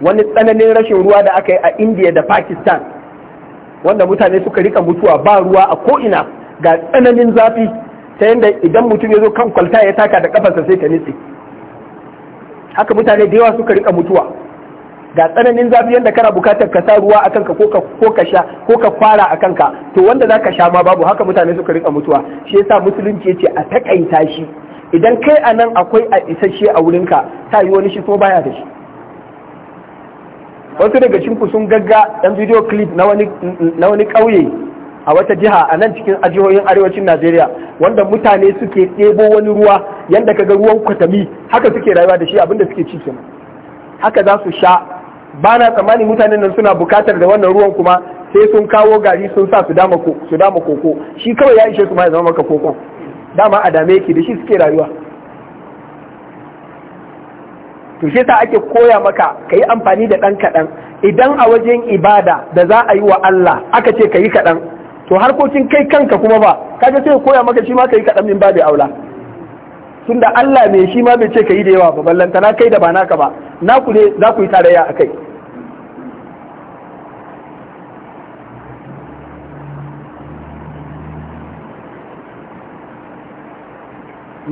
wani tsananin rashin ruwa da aka yi a India da Pakistan wanda mutane suka rika mutuwa ba ruwa a ko ina ga tsananin zafi ta yadda idan mutum ya zo kan kwalta ya taka da kafarsa sai ta nitse haka mutane da yawa suka rika mutuwa ga tsananin zafi yadda kana bukatar ka sa ruwa a kanka ko ka sha ko ka fara a kanka to wanda za ka sha ma babu haka mutane suka rika mutuwa shi yasa musulunci ce a takaita shi idan kai a nan akwai a isasshe a wurinka ta yi wani shi ko baya da shi wasu daga cinku sun gagga ɗan video clip na wani ƙauye a wata jiha a nan cikin ajihohin arewacin najeriya wanda mutane suke ɗebo wani ruwa yadda ga ruwan kwatami haka suke rayuwa da shi abinda suke cikin haka za su sha ba na tsammani mutanen nan suna bukatar da wannan ruwan kuma sai sun kawo gari sun sa su dama koko shi kawai ya ishe su ma ya zama maka kokon dama a dame yake da shi suke rayuwa to shi ake koya maka ka yi amfani da ɗan kaɗan idan a wajen ibada da za a yi wa Allah aka ce ka yi kaɗan to harkokin kai kanka kuma ba kaga sai koya maka shi ma ka yi kaɗan min babu aula tunda Allah mai shi ma bai ce ka yi da yawa ba ballantana kai da ba naka ba naku ne za ku yi tarayya a kai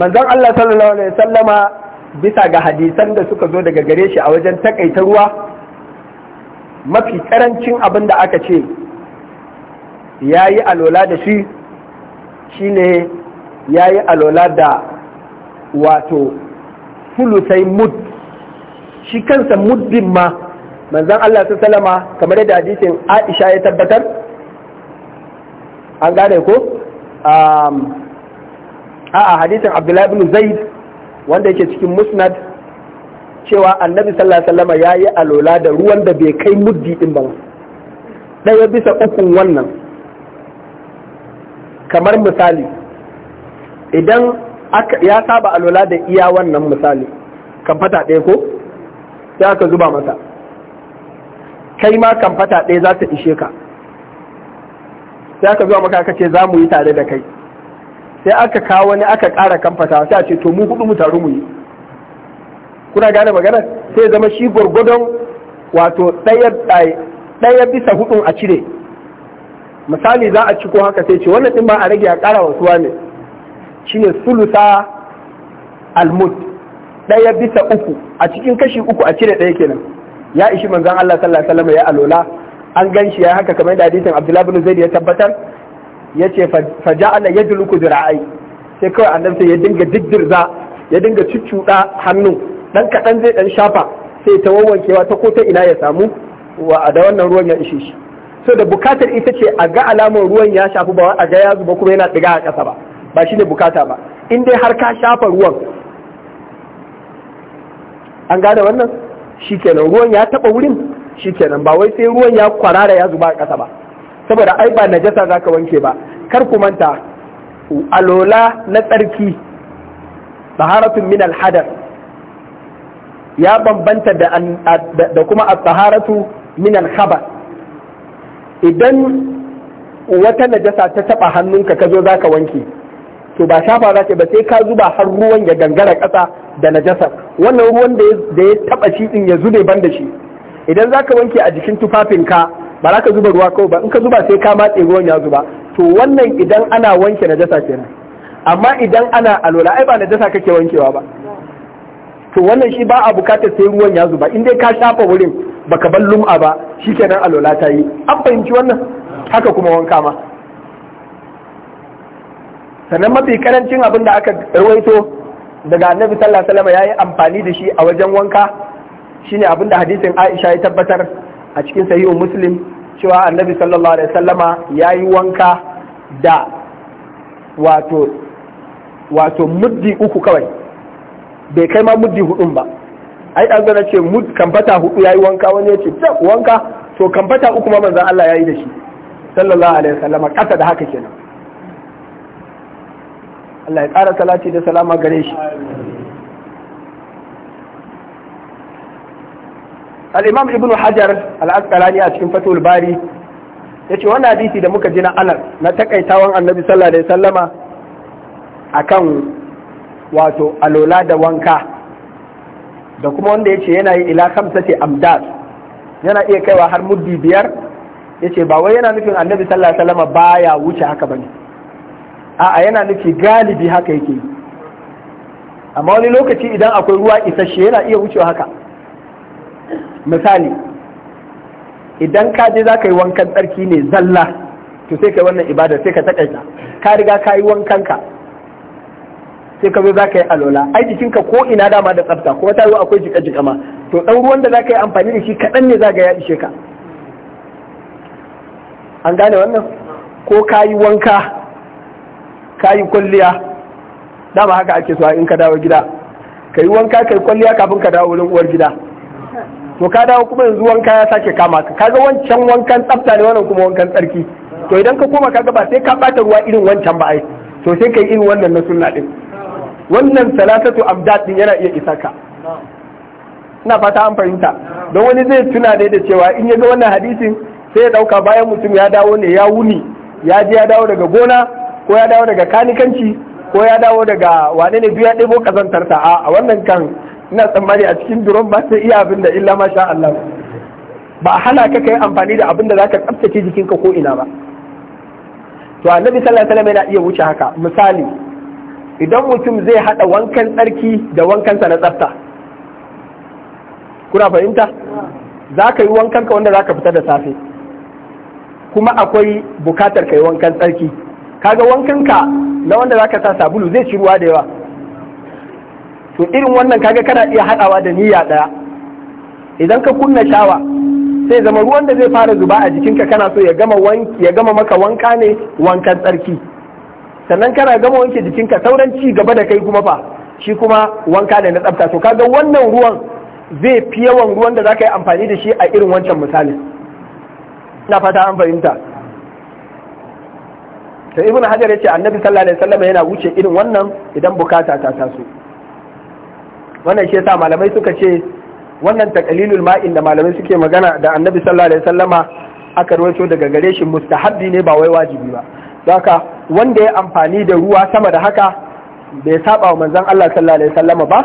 manzon Allah sallallahu alaihi wasallama bisa ga hadisan da suka zo daga gare shi a wajen takaita ruwa mafi karancin abin da aka ce ya yi alola da shi shi ne ya yi alola da wato fulusai mud shi kansa muddin ma manzan Allah Sallama kamar yadda hadisin Aisha ya tabbatar an gane ko a'a hadisin abdullahi bin zaid wanda yake cikin musnad cewa annabi sallallahu alaihi wasallam yi alola da ruwan da bai kai muddi din ba ɗaya bisa ukun wannan kamar misali idan ya saba alola da iya wannan misali kan fata ɗaya ko sai aka zuba masa kai ma kan fata ɗaya za ta ishe ka sai aka zuwa maka ka ce za mu yi tare da kai sai aka kawo wani aka ƙara kamfata sai a ce to mu hudu mu taru mu yi kuna gane magana sai zama shi gwargwadon wato ɗaya bisa hudun a cire misali za a ci ko haka sai ce wannan ɗin ba a rage a ƙara wasu ne shine sulusa almud ɗaya bisa uku a cikin kashi uku a cire ɗaya kenan ya ishi manzon Allah sallallahu alaihi wasallam ya alola an gan shi ya haka kamar da hadisin Abdullah bin Zaid ya tabbatar ya ce faja'ala ya duluku dira'ai sai kawai annabi sai ya dinga diddirza ya dinga cuccuɗa hannu dan kaɗan zai dan shafa sai ta wawankewa ta ko ta ina ya samu wa da wannan ruwan ya ishe shi so da bukatar ita ce a ga alamar ruwan ya shafi ba a ga ya zuba kuma yana ɗiga a ƙasa ba ba shi ne bukata ba in dai har ka shafa ruwan an gane wannan shikenan ruwan ya taɓa wurin shikenan ba wai sai ruwan ya kwarara ya zuba a ƙasa ba saboda ai ba najasa za ka wanke ba kar ku manta alola na tsarki taharatun min alhadar ya bambanta da kuma a taharatu min alhabar idan wata najasa ta taba hannunka ka zo za ka wanke to ba shafa za ba sai ka zuba har ruwan ya gangara ƙasa da najasar wannan ruwan da ya taba shi din ya zube ban da shi idan za ka wanke a jikin tufafinka ba za ka zuba ruwa kawai ba in ka zuba sai ka matse ruwan ya zuba to wannan idan ana wanke na jasa kenan amma idan ana alola ai ba na jasa kake wankewa ba to wannan shi ba a bukatar sai ruwan ya zuba in dai ka shafa wurin baka bar lum'a ba shi kenan alola ta yi an fahimci wannan haka kuma wanka ma sannan mafi karancin abin da aka rawaito daga annabi sallallahu alaihi wasallam yayi amfani da shi a wajen wanka shine abin da hadisin Aisha ya tabbatar a cikin sahihu Muslim cewa annabi sallallahu alaihi sallama ya yi wanka da wato wato muddi uku kawai bai kai ma muddi hudun ba ai an zana ce mud kamfata hudu ya yi wanka wani ya ce wanka to kamfata uku ma manzan Allah ya yi da shi sallallahu alaihi sallama kasa da haka kenan Allah ya ƙara salati da salama gare shi al’imam ibn hajar al a cikin fatul bari ya ce wani hadisi da muka ji na anas na takaitawan annabi sallallahu alaihi wasallama kan wato alola da wanka da kuma wanda ya ce yana yi ila sace amdad yana iya kaiwa har muddi biyar ce ba wai yana nufin annabi sallallahu alaihi wasallama baya wuce haka bane a'a yana nufi galibi haka yake amma wani lokaci idan akwai ruwa isasshe yana iya wucewa haka misali idan ka je za ka yi wankan tsarki ne zalla to sai ka yi wannan ibada sai ka takaita ka riga ka yi wankan ka sai ka zo za ka yi alola ai jikinka ko ina dama da tsafta kuma ta yi akwai jika jika ma to ɗan ruwan da za ka yi amfani da shi kaɗan ne za ka ya ishe ka an gane wannan ko ka yi wanka ka yi kwalliya dama haka ake so in ka dawo gida ka yi wanka ka yi kwalliya kafin ka dawo wurin uwar gida to ka dawo kuma yanzu wanka ya sake kama ka kaga wancan wankan tsafta ne wannan kuma wankan tsarki to idan ka koma kaga ba sai ka bata ruwa irin wancan ba ai to sai kai irin wannan na sunna din wannan salatatu abdad din yana iya isa ka ina fata an fahimta don wani zai tuna dai da cewa in ya ga wannan hadisin sai ya dauka bayan mutum ya dawo ne ya wuni ya je ya dawo daga gona ko ya dawo daga kanikanci ko ya dawo daga wane ne biya ɗebo kazantarta a wannan kan ina tsammani a cikin duron ba sai iya abin da illa ma sha Allah ba hana ka kai amfani da abin da zaka tsaftace jikinka ko ina ba to annabi sallallahu alaihi wasallam yana iya wuce haka misali idan mutum zai hada wankan tsarki da wankansa na tsafta kuna fahimta za ka yi ka wanda za ka fita da safe kuma akwai bukatar ka yi wankan tsarki kaga ka na wanda za ka sa sabulu zai ci ruwa da yawa to irin wannan kaga kana iya haɗawa da niyya ɗaya idan ka kunna shawa sai zama ruwan da zai fara zuba a jikinka kana so ya gama maka wanka ne wankan tsarki sannan kana gama wanke jikinka sauran ci gaba da kai kuma fa shi kuma wanka ne na tsafta to kaga wannan ruwan zai fi yawan ruwan da zaka yi amfani da shi a irin wancan misalin ina fata an fahimta to ibn hajar yace annabi sallallahu alaihi wasallam yana wuce irin wannan idan bukata ta taso wannan shi yasa malamai suka ce wannan takalilul ma'in da malamai suke magana da annabi sallallahu alaihi wasallama aka rawaito daga gare shi mustahabbi ne ba wai wajibi ba haka wanda ya amfani da ruwa sama da haka bai saba wa manzon Allah sallallahu alaihi wasallama ba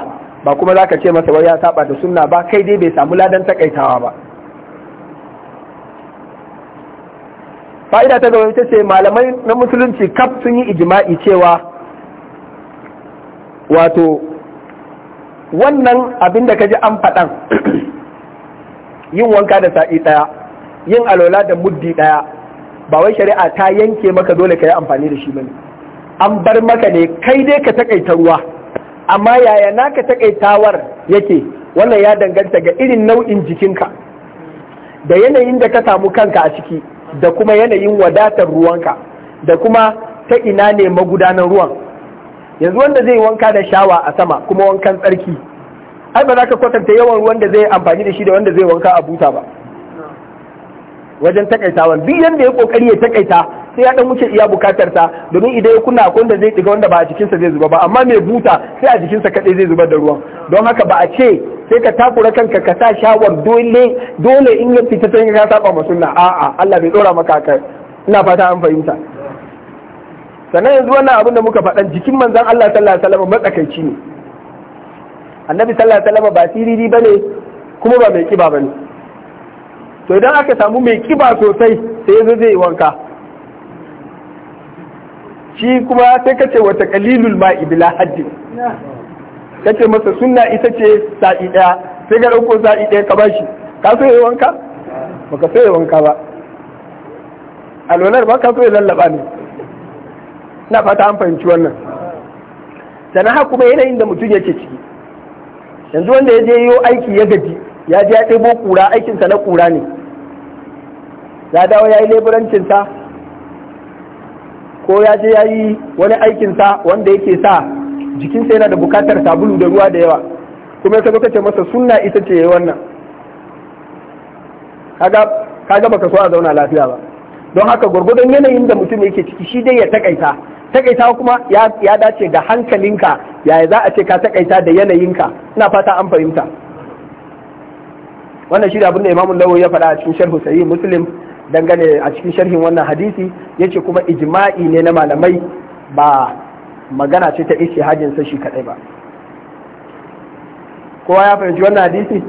ba kuma zaka ce masa wai ya saba da sunna ba kai dai bai samu ladan takaitawa ba fa'ida ta gaba ita ce malamai na musulunci kaf sun yi ijima'i cewa wato wannan abin da ka ji an faɗan <clears throat> yin wanka da sa'i ɗaya yin alola da muddi ɗaya ba wai shari'a ta yanke maka dole ka yi amfani da shi bane an bar maka ne kai dai ka takaita ruwa amma yaya naka takaitawar yake wannan ya danganta ga irin nau'in jikinka da yanayin da ka samu kanka a ciki da kuma yanayin wadatar ruwanka da kuma ta ina ne magudanar ruwan yanzu wanda zai wanka da shawa a sama kuma wankan tsarki ai ba za ka kwatanta yawan ruwan da zai amfani da shi da wanda zai wanka a buta ba wajen takaitawa duk yanda ya kokari ya takaita sai ya dan wuce iya bukatar ta domin idan ya kunna akwai wanda zai tsiga wanda ba a jikinsa zai zuba ba amma mai buta sai a jikinsa kadai zai zubar da ruwan don haka ba a ce sai ka takura kanka ka sa shawar dole dole in ya fita sai ka saba ma sunna a'a Allah bai dora maka kai ina fata an fahimta sannan yanzu wannan abin da muka faɗan jikin manzan Allah sallallahu alaihi wasallam matsakaici ne annabi sallallahu alaihi wasallam ba siriri bane kuma ba mai kiba bane to idan aka samu mai kiba sosai sai yanzu zai wanka shi kuma sai kace wata kalilul ma ibila haddi kace masa sunna ita ce sa'i daya sai ga ɗauko sa'i daya ka bashi ka so yi wanka baka so ya wanka ba alwalar ba ka so ya lallaba ne na fata an fahimci wannan sana haka kuma yanayin da mutum yake ciki yanzu wanda ya je yo aiki ya gaji ya je ya ɗebo kura aikinsa na kura ne ya dawo ya yi leburancinsa ko ya je ya yi wani aikinsa wanda yake sa jikinsa yana da bukatar sabulu da ruwa da yawa kuma ya kaga kace masa sunna ita ce yayi wannan kaga kaga baka so a zauna lafiya ba don haka gwargwadon yanayin da mutum yake ciki shi dai ya takaita takaitawa kuma ya dace da hankalinka yaya za a ce ka takaita da yanayinka ina fata an fahimta wannan shi da abin da imamun lawo ya faɗa a cikin sharhu sahih muslim dangane a cikin sharhin wannan hadisi yace kuma Ijima'i ne na malamai ba magana ce ta ishe sa shi kadai ba kowa ya fahimci wannan hadisi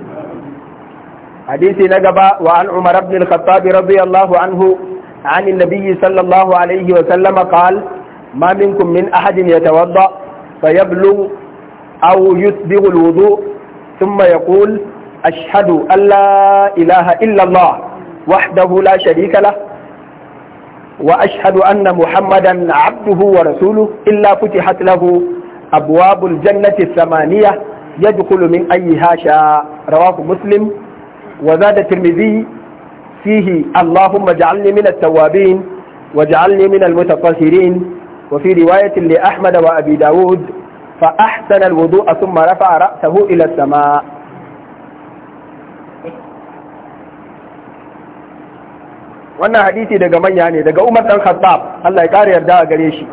hadisi na gaba wa an umar ibn al-khattab radiyallahu anhu عن النبي صلى الله عليه وسلم قال ما منكم من أحد يتوضأ فيبلغ أو يسبغ الوضوء ثم يقول أشهد أن لا إله إلا الله وحده لا شريك له وأشهد أن محمدا عبده ورسوله إلا فتحت له أبواب الجنة الثمانية يدخل من أيها شاء رواه مسلم وزاد الترمذي فيه اللهم اجعلني من التوابين واجعلني من المتطهرين وفي رواية لأحمد وأبي داود فأحسن الوضوء ثم رفع رأسه إلى السماء wannan hadisi daga manya ne daga Umar dan Khattab Allah ya kare yarda a gare shi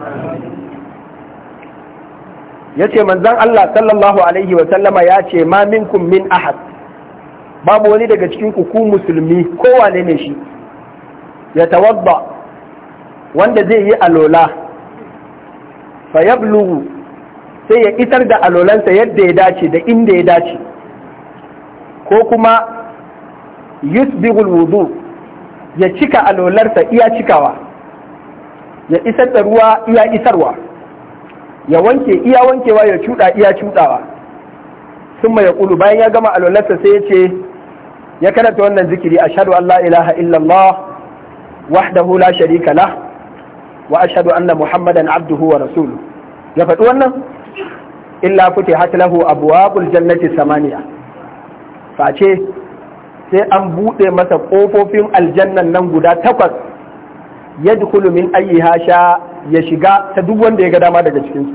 yace manzon Allah sallallahu alaihi wa sallama ya ce ma minkum min ahad babu wani daga cikin ku ku musulmi kowane ne shi ya tawadda wanda zai yi alola fa sai ya isar da alolansa yadda ya dace da inda ya dace ko kuma yusbigul wudu ya cika alolarsa iya cikawa ya isar da ruwa iya isarwa ya wanke iya wankewa ya cuda iya cudawa sun ya kulu bayan ya gama alolarsa sai ya ce ya karanta wannan zikiri ashadu Allah la ilaha illallah wahdahu la sharika lah wa ashadu anna muhammadan abduhu wa rasuluhu ya faɗi wannan illa futihat lahu abwabul jannati samaniya face sai an buɗe masa ƙofofin aljannan nan guda takwas ya dukulu min ayi hasha ya shiga ta duk wanda ya ga dama daga cikinsu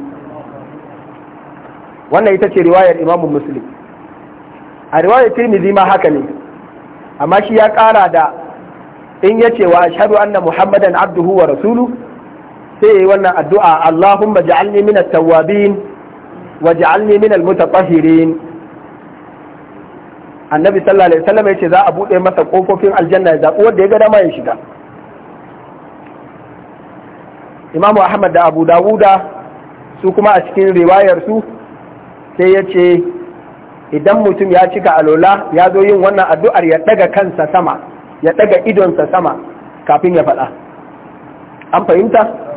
wannan ita ce riwayar imamun muslim a riwayar tirmidhi ma haka ne amma shi ya ƙara da in yace wa ashadu anna muhammadan abduhu wa rasulu sai yi wannan addu'a Allahumma ja'alni min at-tawwabin wa ja'alni min al-mutatahhirin annabi sallallahu alaihi wasallam yace za a buɗe masa kofofin aljanna ya zabi wanda ya ga dama ya shiga Imam Ahmad da Abu Dawuda su kuma a cikin riwayarsu su sai yace idan mutum ya cika alola ya zo yin wannan addu'ar ya daga kansa sama ya daga idonsa sama kafin ya faɗa an fahimta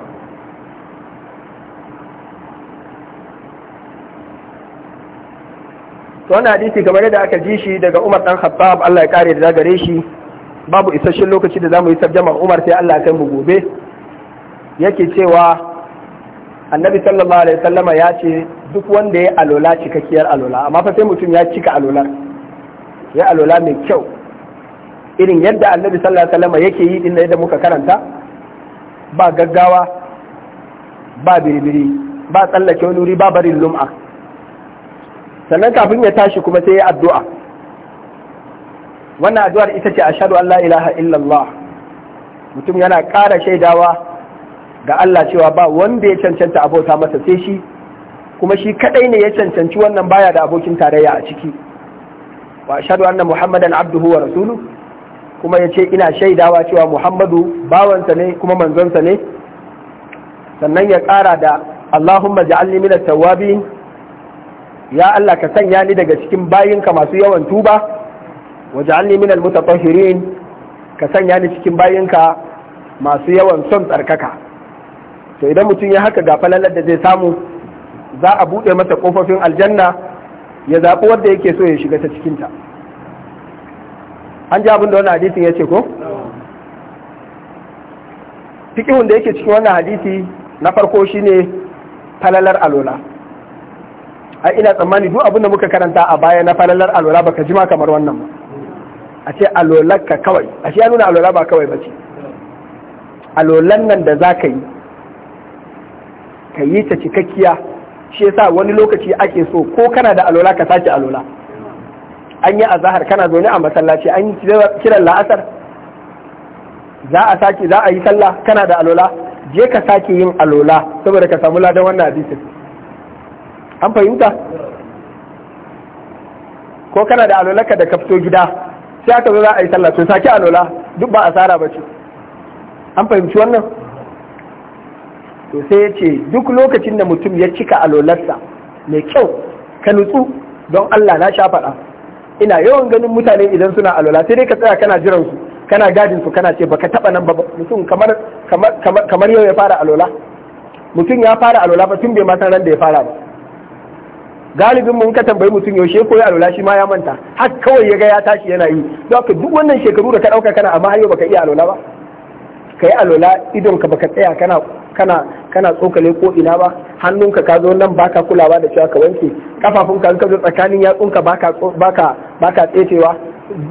to wannan hadisi kamar yadda aka ji shi daga Umar dan Khattab Allah ya kare da gare shi babu isasshen lokaci da zamu yi tarjama Umar sai Allah ya kai mu gobe yake cewa Annabi sallallahu alaihi wasallama ya ce duk wanda ya alola cikakkiyar alola amma fa sai mutum ya cika alolar ya alola mai kyau irin yadda Annabi sallallahu alaihi wasallama yake yi din da muka karanta ba gaggawa ba biribiri ba tsallake wani wuri ba barin lum'a sannan kafin ya tashi kuma sai ya addu'a wannan addu'ar ita ce a an la ilaha illallah mutum yana ƙara shaidawa ga Allah cewa ba wanda ya cancanta abota masa sai shi kuma shi kadai ne ya cancanci wannan baya da abokin tarayya a ciki wa shaɗu anna muhammadan abduhu wa rasuluhu kuma ya ce ina shaidawa cewa muhammadu bawansa ne kuma manzonsa ne sannan ya ƙara da allahumma ja'alni minat tawwabin ya Allah ka sanya ni daga cikin bayinka masu yawan tuba waj'alni minal mutatahhirin ka sanya ni cikin bayinka masu yawan son tsarkaka to idan mutum ya haka lallar da zai samu za a buɗe masa ƙofofin aljanna ya zaɓi wanda yake so ya shiga ta cikinta an ji abin da wannan hadisin ya ko fikihun da yake cikin wannan hadisi na farko shine falalar alola a ina tsammani duk abin da muka karanta a baya na falalar alola baka jima kamar wannan ba a ce ka kawai a shi ya nuna alola ba kawai ba ce alolan nan da za ka yi ka yi ta cikakkiya shi yasa wani lokaci ake so ko kana da alola ka sace alola an yi azahar kana zaune a masallaci an yi kiran la'asar za a sake za a yi sallah kana da alola je ka sake yin alola saboda ka samu ladan wannan hadisin an fahimta ko kana da alolaka da ka fito gida sai aka zo za a yi sallah to saki alola duk ba asara ba ce an fahimci wannan to sai ya ce duk lokacin da mutum ya cika alolarsa mai kyau ka nutsu don Allah na sha faɗa ina yawan ganin mutane idan suna alola sai dai ka tsaya kana jiran su kana gadin su kana ce baka taba nan ba mutum kamar kamar kamar yau ya fara alola mutum ya fara alola ba tun bai ma san ran da ya fara ba galibin mun ka tambayi mutum yaushe ko ya alola shi ma ya manta har kawai ya ga ya tashi yana yi don haka duk wannan shekaru da ka dauka kana amma har yau baka iya alola ba kai alwala idon ka baka tsaya kana kana kana tsokale ko ina ba hannunka ka zo nan baka kulawa da cewa ka wanke kafafunka ka zo tsakanin yatsunka baka baka baka tsetewa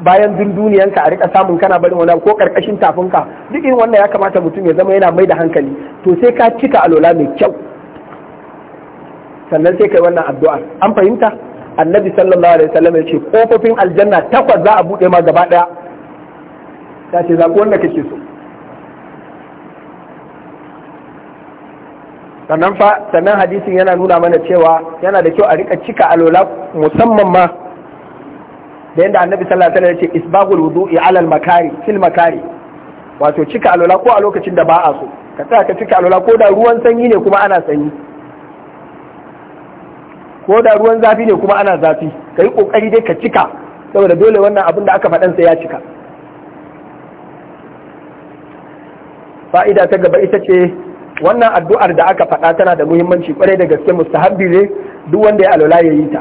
bayan dunduniyanka a rika samun kana barin wani ko karkashin tafinka duk irin wannan ya kamata mutum ya zama yana mai da hankali to sai ka cika alola mai kyau sannan sai kai wannan addu'a an fahimta annabi sallallahu alaihi wasallam ya ce kofofin aljanna takwas za a buɗe ma gaba daya ta ce ku wanda kake so sannan fa sannan hadisin yana nuna mana cewa yana da kyau a rika cika alola musamman ma da yadda annabi sallallahu alaihi wasallam ya ce isbahul wudu'i alal makari fil makari wato cika alola ko a lokacin da ba a so ka tsaya ka cika alola ko da ruwan sanyi ne kuma ana sanyi ko da ruwan zafi ne kuma ana zafi ka yi ƙoƙari dai ka cika saboda dole wannan abin da aka faɗan sai ya cika fa'ida ta gaba ita ce wannan addu'ar da aka faɗa tana da muhimmanci kwarai da gaske mustahabbi ne duk wanda ya alola ya yi ta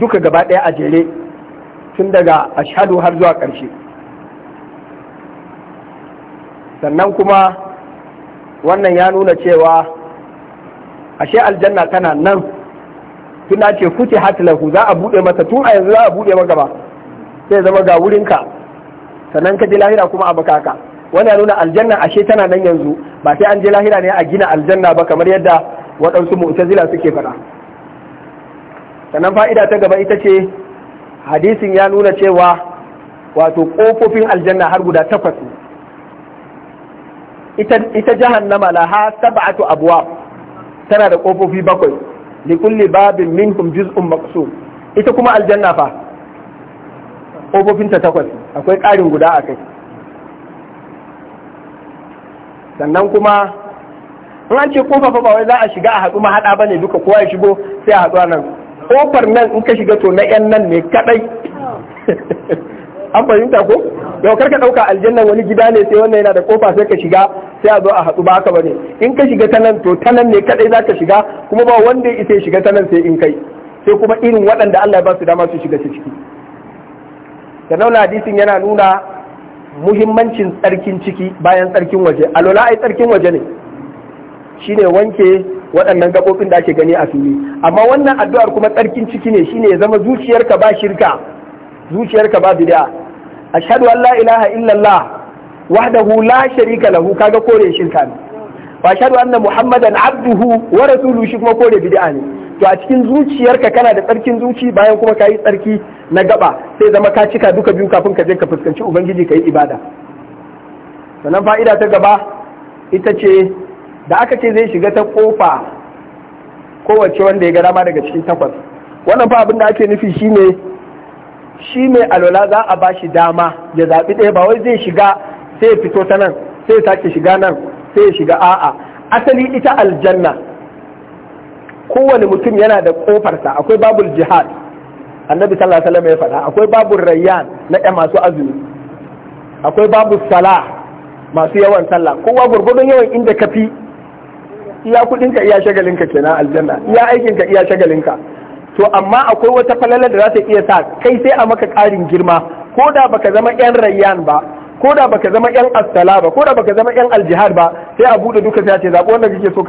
duka gaba ɗaya a jere tun daga ashadu har zuwa ƙarshe sannan kuma wannan ya nuna cewa ashe aljanna tana nan tuna ce fuce hatilahu za a buɗe masa tun a yanzu za a buɗe maka sai zama ga wurinka sannan ka je lahira kuma a bakaka wani nuna aljanna ashe tana nan yanzu ba sai an je lahira ne a gina aljanna ba kamar yadda waɗansu mu'tazila suke faɗa sannan fa'ida ta gaba ita ce hadisin ya nuna cewa wato ƙofofin aljanna har guda takwas ita jahannama laha sab'atu abwab tana da ƙofofi bakwai li kulli babin minhum juz'un maqsum ita kuma aljanna fa ƙofofinta takwas akwai ƙarin guda a kai sannan kuma in an ce kofa fa ba wai za a shiga a haɗu mahaɗa ba ne duka kowa ya shigo sai a haɗu nan kofar nan in ka shiga to na 'yan nan ne kaɗai <laughs> an fahimta ko yau ka ɗauka aljanna wani gida ne sai wannan yana da kofa sai ka shiga sai a zo a haɗu ba bane in ka shiga ta to tanan nan ne kadai zaka shiga kuma ba wanda ya isa shiga ta nan sai in kai sai kuma irin waɗanda Allah ya ba su dama su shiga su ciki naula hadisin yana nuna muhimmancin tsarkin ciki bayan tsarkin waje alola ai tsarkin waje ne shine wanke waɗannan gaɓoɓin da ake gani a fili amma wannan addu'ar kuma tsarkin ciki ne shine ya zama zuciyarka ba shirka zuciyarka ba bid'a ashhadu an la ilaha illallah wahdahu la sharika lahu kaga kore shirka ne wa ashhadu anna muhammadan abduhu wa rasuluhu shi kuma kore bid'a ne to a cikin zuciyarka kana da tsarkin zuci bayan kuma kayi tsarki na gaba sai zama ka cika duka biyu kafin ka je ka fuskanci ubangiji ka yi ibada sannan fa'ida ta gaba ita ce da aka ce zai shiga ta kofa kowace wanda ya ga dama daga cikin takwas wannan fa abin da ake nufi shine shi mai alola za a ba shi dama ya zaɓi ɗaya ba wai zai shiga sai ya fito ta nan sai ya sake shiga nan sai ya shiga a'a asali ita aljanna kowane mutum yana da ƙofarsa akwai babul jihad annabi sallallahu alaihi ya faɗa akwai babul rayyan na ƴan masu azumi akwai babul salah masu yawan sallah kowa gurgurdun yawan inda ka fi iya kudinka iya shagalinka kenan aljanna iya aikinka iya shagalinka to amma akwai wata falalar da za ta iya sa kai sai a maka ƙarin girma ko da baka zama yan rayyan ba ko da baka zama yan asala ba ko da baka zama yan aljihad ba sai a bude duka sai a ce zaɓi wanda kake so ka